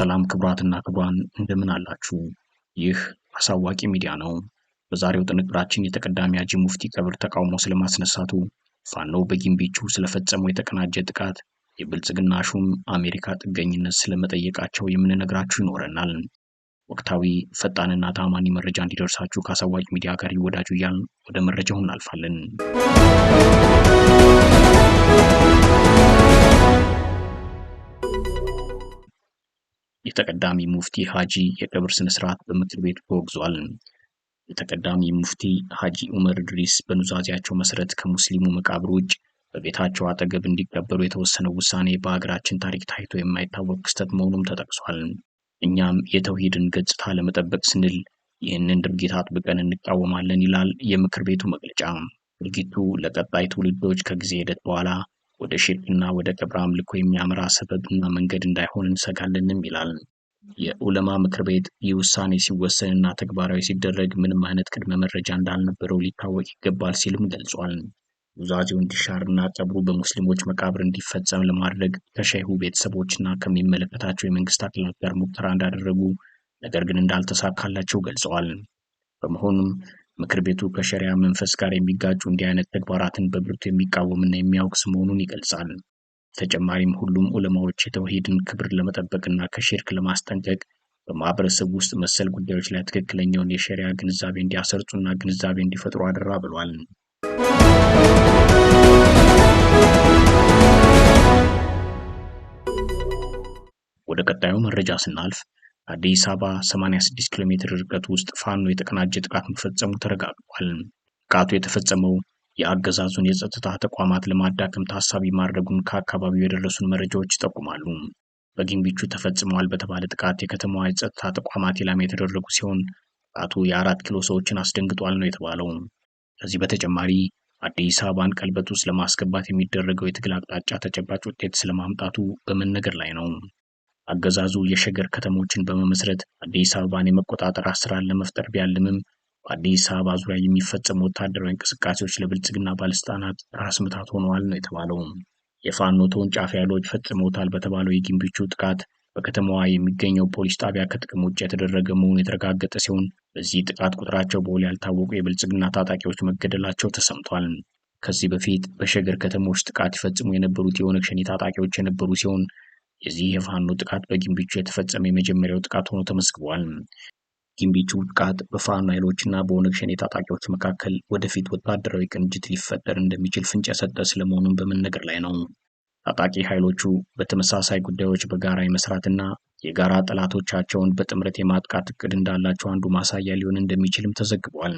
ሰላም ክቡራትና ክቡራን እንደምን አላችሁ? ይህ አሳዋቂ ሚዲያ ነው። በዛሬው ጥንቅራችን የተቀዳሚ ሀጂ ሙፍቲ ቀብር ተቃውሞ ስለማስነሳቱ፣ ፋኖ በጊምቢቹ ስለፈጸመው የተቀናጀ ጥቃት፣ የብልጽግና ሹም አሜሪካ ጥገኝነት ስለመጠየቃቸው የምንነግራችሁ ይኖረናል። ወቅታዊ ፈጣንና ታማኒ መረጃ እንዲደርሳችሁ ከአሳዋቂ ሚዲያ ጋር ይወዳጁ እያልን ወደ መረጃው እናልፋለን። የተቀዳሚ ሙፍቲ ሀጂ የቀብር ስነስርዓት በምክር ቤት ተወግዟል። የተቀዳሚ ሙፍቲ ሀጂ ኡመር ድሪስ በኑዛዜያቸው መሰረት ከሙስሊሙ መቃብር ውጭ በቤታቸው አጠገብ እንዲቀበሩ የተወሰነው ውሳኔ በሀገራችን ታሪክ ታይቶ የማይታወቅ ክስተት መሆኑም ተጠቅሷል። እኛም የተውሂድን ገጽታ ለመጠበቅ ስንል ይህንን ድርጊት አጥብቀን እንቃወማለን ይላል የምክር ቤቱ መግለጫ። ድርጊቱ ለቀጣይ ትውልዶች ከጊዜ ሂደት በኋላ ወደ ሽርክና ወደ ቀብር አምልኮ የሚያመራ ሰበብና መንገድ እንዳይሆን እንሰጋለንም ይላል። የዑለማ ምክር ቤት ይህ ውሳኔ ሲወሰንና ተግባራዊ ሲደረግ ምንም አይነት ቅድመ መረጃ እንዳልነበረው ሊታወቅ ይገባል ሲልም ገልጿል። ውዛዜው እንዲሻርና ቀብሩ በሙስሊሞች መቃብር እንዲፈጸም ለማድረግ ከሸይሁ ቤተሰቦችና ከሚመለከታቸው የመንግስት አካላት ጋር ሙከራ እንዳደረጉ ነገር ግን እንዳልተሳካላቸው ገልጸዋል። በመሆኑም ምክር ቤቱ ከሸሪያ መንፈስ ጋር የሚጋጩ እንዲህ አይነት ተግባራትን በብርቱ የሚቃወምና የሚያውቅ መሆኑን ይገልጻል። ተጨማሪም ሁሉም ዑለማዎች የተውሂድን ክብር ለመጠበቅና ከሽርክ ለማስጠንቀቅ በማህበረሰብ ውስጥ መሰል ጉዳዮች ላይ ትክክለኛውን የሸሪያ ግንዛቤ እንዲያሰርጹና ግንዛቤ እንዲፈጥሩ አደራ ብሏል። ወደ ቀጣዩ መረጃ ስናልፍ አዲስ አበባ 86 ኪሎ ሜትር ርቀት ውስጥ ፋኖ የተቀናጀ ጥቃት መፈጸሙ ተረጋግጧል። ጥቃቱ የተፈጸመው የአገዛዙን የጸጥታ ተቋማት ለማዳከም ታሳቢ ማድረጉን ከአካባቢው የደረሱን መረጃዎች ይጠቁማሉ። በግንቢቹ ተፈጽመዋል በተባለ ጥቃት የከተማዋ የጸጥታ ተቋማት ኢላማ የተደረጉ ሲሆን ጥቃቱ የአራት ኪሎ ሰዎችን አስደንግጧል ነው የተባለው። ከዚህ በተጨማሪ አዲስ አበባን ቀልበት ውስጥ ለማስገባት የሚደረገው የትግል አቅጣጫ ተጨባጭ ውጤት ስለማምጣቱ በመነገር ላይ ነው። አገዛዙ የሸገር ከተሞችን በመመስረት አዲስ አበባን የመቆጣጠር አሰራር ለመፍጠር ቢያልምም በአዲስ አበባ ዙሪያ የሚፈጸሙ ወታደራዊ እንቅስቃሴዎች ለብልጽግና ባለስልጣናት ራስ ምታት ሆነዋል ነው የተባለው። የፋኖ ተወንጫፊ ኃይሎች ፈጽመውታል በተባለው የግንቢቹ ጥቃት በከተማዋ የሚገኘው ፖሊስ ጣቢያ ከጥቅም ውጭ የተደረገ መሆኑ የተረጋገጠ ሲሆን በዚህ ጥቃት ቁጥራቸው በውል ያልታወቁ የብልጽግና ታጣቂዎች መገደላቸው ተሰምቷል። ከዚህ በፊት በሸገር ከተሞች ጥቃት ይፈጽሙ የነበሩት የኦነግ ሸኔ ታጣቂዎች የነበሩ ሲሆን የዚህ የፋኖ ጥቃት በጊምቢቹ የተፈጸመ የመጀመሪያው ጥቃት ሆኖ ተመዝግቧል። ጊምቢቹ ጥቃት በፋኖ ኃይሎችና በኦነግ ሸኔ ታጣቂዎች መካከል ወደፊት ወታደራዊ ቅንጅት ሊፈጠር እንደሚችል ፍንጭ የሰጠ ስለመሆኑን በመነገር ላይ ነው። ታጣቂ ኃይሎቹ በተመሳሳይ ጉዳዮች በጋራ የመስራትና የጋራ ጠላቶቻቸውን በጥምረት የማጥቃት እቅድ እንዳላቸው አንዱ ማሳያ ሊሆን እንደሚችልም ተዘግቧል።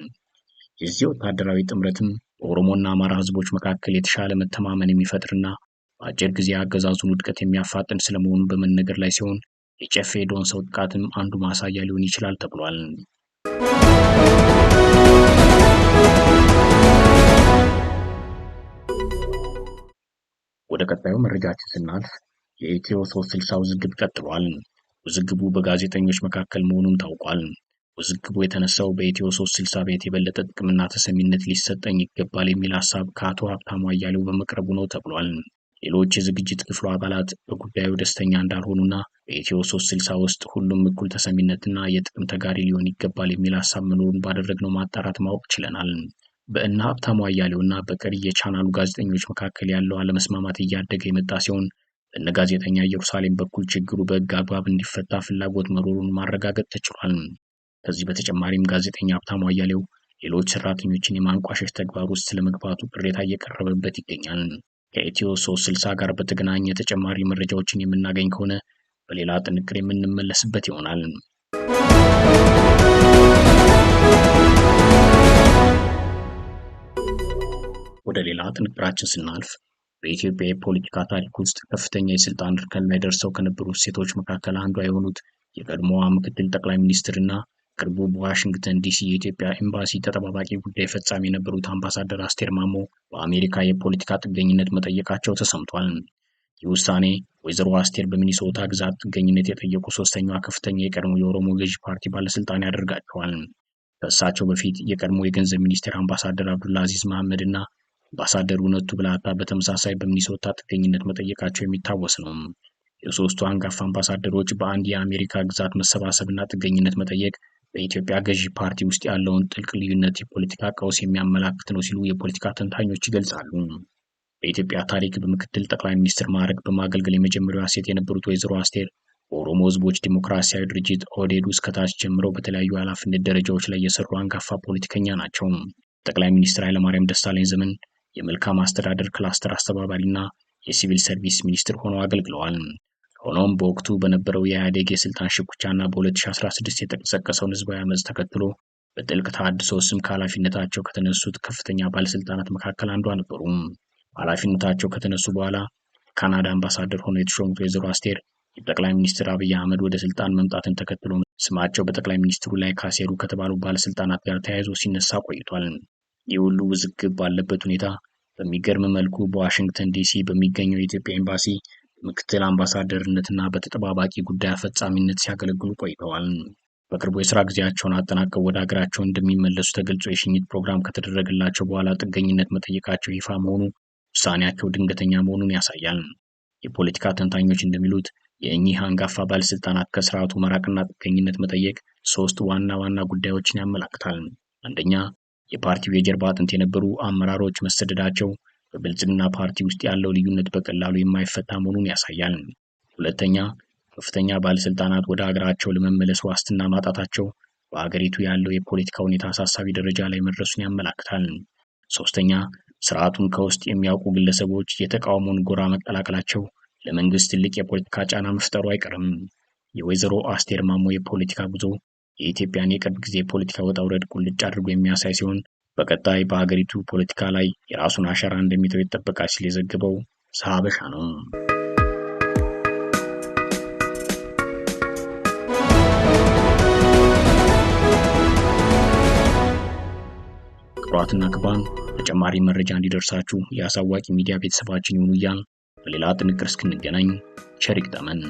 የዚህ ወታደራዊ ጥምረትም በኦሮሞና አማራ ህዝቦች መካከል የተሻለ መተማመን የሚፈጥርና በአጭር ጊዜ አገዛዙን ውድቀት የሚያፋጥን ስለመሆኑ በመነገር ላይ ሲሆን የጨፌ ዶን ሰው ጥቃትም አንዱ ማሳያ ሊሆን ይችላል ተብሏል። ወደ ቀጣዩ መረጃችን ስናልፍ የኢትዮ ሶስት ስልሳ ውዝግብ ቀጥሏል። ውዝግቡ በጋዜጠኞች መካከል መሆኑም ታውቋል። ውዝግቡ የተነሳው በኢትዮ ሶስት ስልሳ ቤት የበለጠ ጥቅምና ተሰሚነት ሊሰጠኝ ይገባል የሚል ሀሳብ ከአቶ ሀብታሙ አያሌው በመቅረቡ ነው ተብሏል። ሌሎች የዝግጅት ክፍሉ አባላት በጉዳዩ ደስተኛ እንዳልሆኑና በኢትዮ 360 ውስጥ ሁሉም እኩል ተሰሚነትና የጥቅም ተጋሪ ሊሆን ይገባል የሚል ሀሳብ መኖሩን ባደረግነው ማጣራት ማወቅ ችለናል። በእነ ሀብታሙ አያሌውና በቀሪ የቻናሉ ጋዜጠኞች መካከል ያለው አለመስማማት እያደገ የመጣ ሲሆን በእነ ጋዜጠኛ ኢየሩሳሌም በኩል ችግሩ በሕግ አግባብ እንዲፈታ ፍላጎት መኖሩን ማረጋገጥ ተችሏል። ከዚህ በተጨማሪም ጋዜጠኛ ሀብታሙ አያሌው ሌሎች ሰራተኞችን የማንቋሸሽ ተግባር ውስጥ ስለመግባቱ ቅሬታ እየቀረበበት ይገኛል። ከኢትዮ 360 ጋር በተገናኘ ተጨማሪ መረጃዎችን የምናገኝ ከሆነ በሌላ ጥንቅር የምንመለስበት ይሆናል። ወደ ሌላ ጥንቅራችን ስናልፍ በኢትዮጵያ የፖለቲካ ታሪክ ውስጥ ከፍተኛ የስልጣን እርከን ላይ ደርሰው ከነበሩ ሴቶች መካከል አንዷ የሆኑት የቀድሞዋ ምክትል ጠቅላይ ሚኒስትር ቅርቡ በዋሽንግተን ዲሲ የኢትዮጵያ ኤምባሲ ተጠባባቂ ጉዳይ ፈጻሚ የነበሩት አምባሳደር አስቴር ማሞ በአሜሪካ የፖለቲካ ጥገኝነት መጠየቃቸው ተሰምቷል። ይህ ውሳኔ ወይዘሮ አስቴር በሚኒሶታ ግዛት ጥገኝነት የጠየቁ ሶስተኛዋ ከፍተኛ የቀድሞ የኦሮሞ ገዢ ፓርቲ ባለስልጣን ያደርጋቸዋል። ከእሳቸው በፊት የቀድሞ የገንዘብ ሚኒስቴር አምባሳደር አብዱላ አዚዝ መሐመድ እና አምባሳደር እውነቱ ብላታ በተመሳሳይ በሚኒሶታ ጥገኝነት መጠየቃቸው የሚታወስ ነው። የሶስቱ አንጋፋ አምባሳደሮች በአንድ የአሜሪካ ግዛት መሰባሰብና ጥገኝነት መጠየቅ በኢትዮጵያ ገዢ ፓርቲ ውስጥ ያለውን ጥልቅ ልዩነት የፖለቲካ ቀውስ የሚያመላክት ነው ሲሉ የፖለቲካ ተንታኞች ይገልጻሉ። በኢትዮጵያ ታሪክ በምክትል ጠቅላይ ሚኒስትር ማዕረግ በማገልገል የመጀመሪያዋ ሴት የነበሩት ወይዘሮ አስቴር በኦሮሞ ሕዝቦች ዲሞክራሲያዊ ድርጅት ኦህዴድ ውስጥ ከታች ጀምረው በተለያዩ ኃላፊነት ደረጃዎች ላይ የሰሩ አንጋፋ ፖለቲከኛ ናቸው። ጠቅላይ ሚኒስትር ኃይለማርያም ደሳለኝ ዘመን የመልካም አስተዳደር ክላስተር አስተባባሪና የሲቪል ሰርቪስ ሚኒስትር ሆነው አገልግለዋል። ሆኖም በወቅቱ በነበረው የኢህአዴግ የስልጣን ሽኩቻና በ2016 የተቀሰቀሰውን ህዝባዊ አመፅ ተከትሎ በጥልቅ ተሃድሶ ስም ከኃላፊነታቸው ከተነሱት ከፍተኛ ባለስልጣናት መካከል አንዷ ነበሩ። በኃላፊነታቸው ከተነሱ በኋላ ካናዳ አምባሳደር ሆነው የተሾሙት ወይዘሮ አስቴር የጠቅላይ ሚኒስትር አብይ አህመድ ወደ ስልጣን መምጣትን ተከትሎ ስማቸው በጠቅላይ ሚኒስትሩ ላይ ካሴሩ ከተባሉ ባለስልጣናት ጋር ተያይዞ ሲነሳ ቆይቷል። ይህ ሁሉ ውዝግብ ባለበት ሁኔታ በሚገርም መልኩ በዋሽንግተን ዲሲ በሚገኘው የኢትዮጵያ ኤምባሲ ምክትል አምባሳደርነትና በተጠባባቂ ጉዳይ አፈጻሚነት ሲያገለግሉ ቆይተዋል። በቅርቡ የስራ ጊዜያቸውን አጠናቀው ወደ ሀገራቸው እንደሚመለሱ ተገልጾ የሽኝት ፕሮግራም ከተደረገላቸው በኋላ ጥገኝነት መጠየቃቸው ይፋ መሆኑ ውሳኔያቸው ድንገተኛ መሆኑን ያሳያል። የፖለቲካ ተንታኞች እንደሚሉት የእኚህ አንጋፋ ባለስልጣናት ከስርዓቱ መራቅና ጥገኝነት መጠየቅ ሶስት ዋና ዋና ጉዳዮችን ያመላክታል። አንደኛ፣ የፓርቲው የጀርባ አጥንት የነበሩ አመራሮች መሰደዳቸው በብልጽግና ፓርቲ ውስጥ ያለው ልዩነት በቀላሉ የማይፈታ መሆኑን ያሳያል። ሁለተኛ፣ ከፍተኛ ባለስልጣናት ወደ ሀገራቸው ለመመለስ ዋስትና ማጣታቸው በሀገሪቱ ያለው የፖለቲካ ሁኔታ አሳሳቢ ደረጃ ላይ መድረሱን ያመላክታል። ሶስተኛ፣ ስርዓቱን ከውስጥ የሚያውቁ ግለሰቦች የተቃውሞን ጎራ መቀላቀላቸው ለመንግስት ትልቅ የፖለቲካ ጫና መፍጠሩ አይቀርም። የወይዘሮ አስቴር ማሞ የፖለቲካ ጉዞ የኢትዮጵያን የቅርብ ጊዜ የፖለቲካ ወጣ ውረድ ቁልጭ አድርጎ የሚያሳይ ሲሆን በቀጣይ በሀገሪቱ ፖለቲካ ላይ የራሱን አሻራ እንደሚተው ይጠበቃል ሲል የዘገበው ሰሀበሻ ነው። ክቡራትና ክቡራን ተጨማሪ መረጃ እንዲደርሳችሁ የአሳዋቂ ሚዲያ ቤተሰባችን ይሁኑ እያል በሌላ ጥንቅር እስክንገናኝ ቸር ይግጠመን።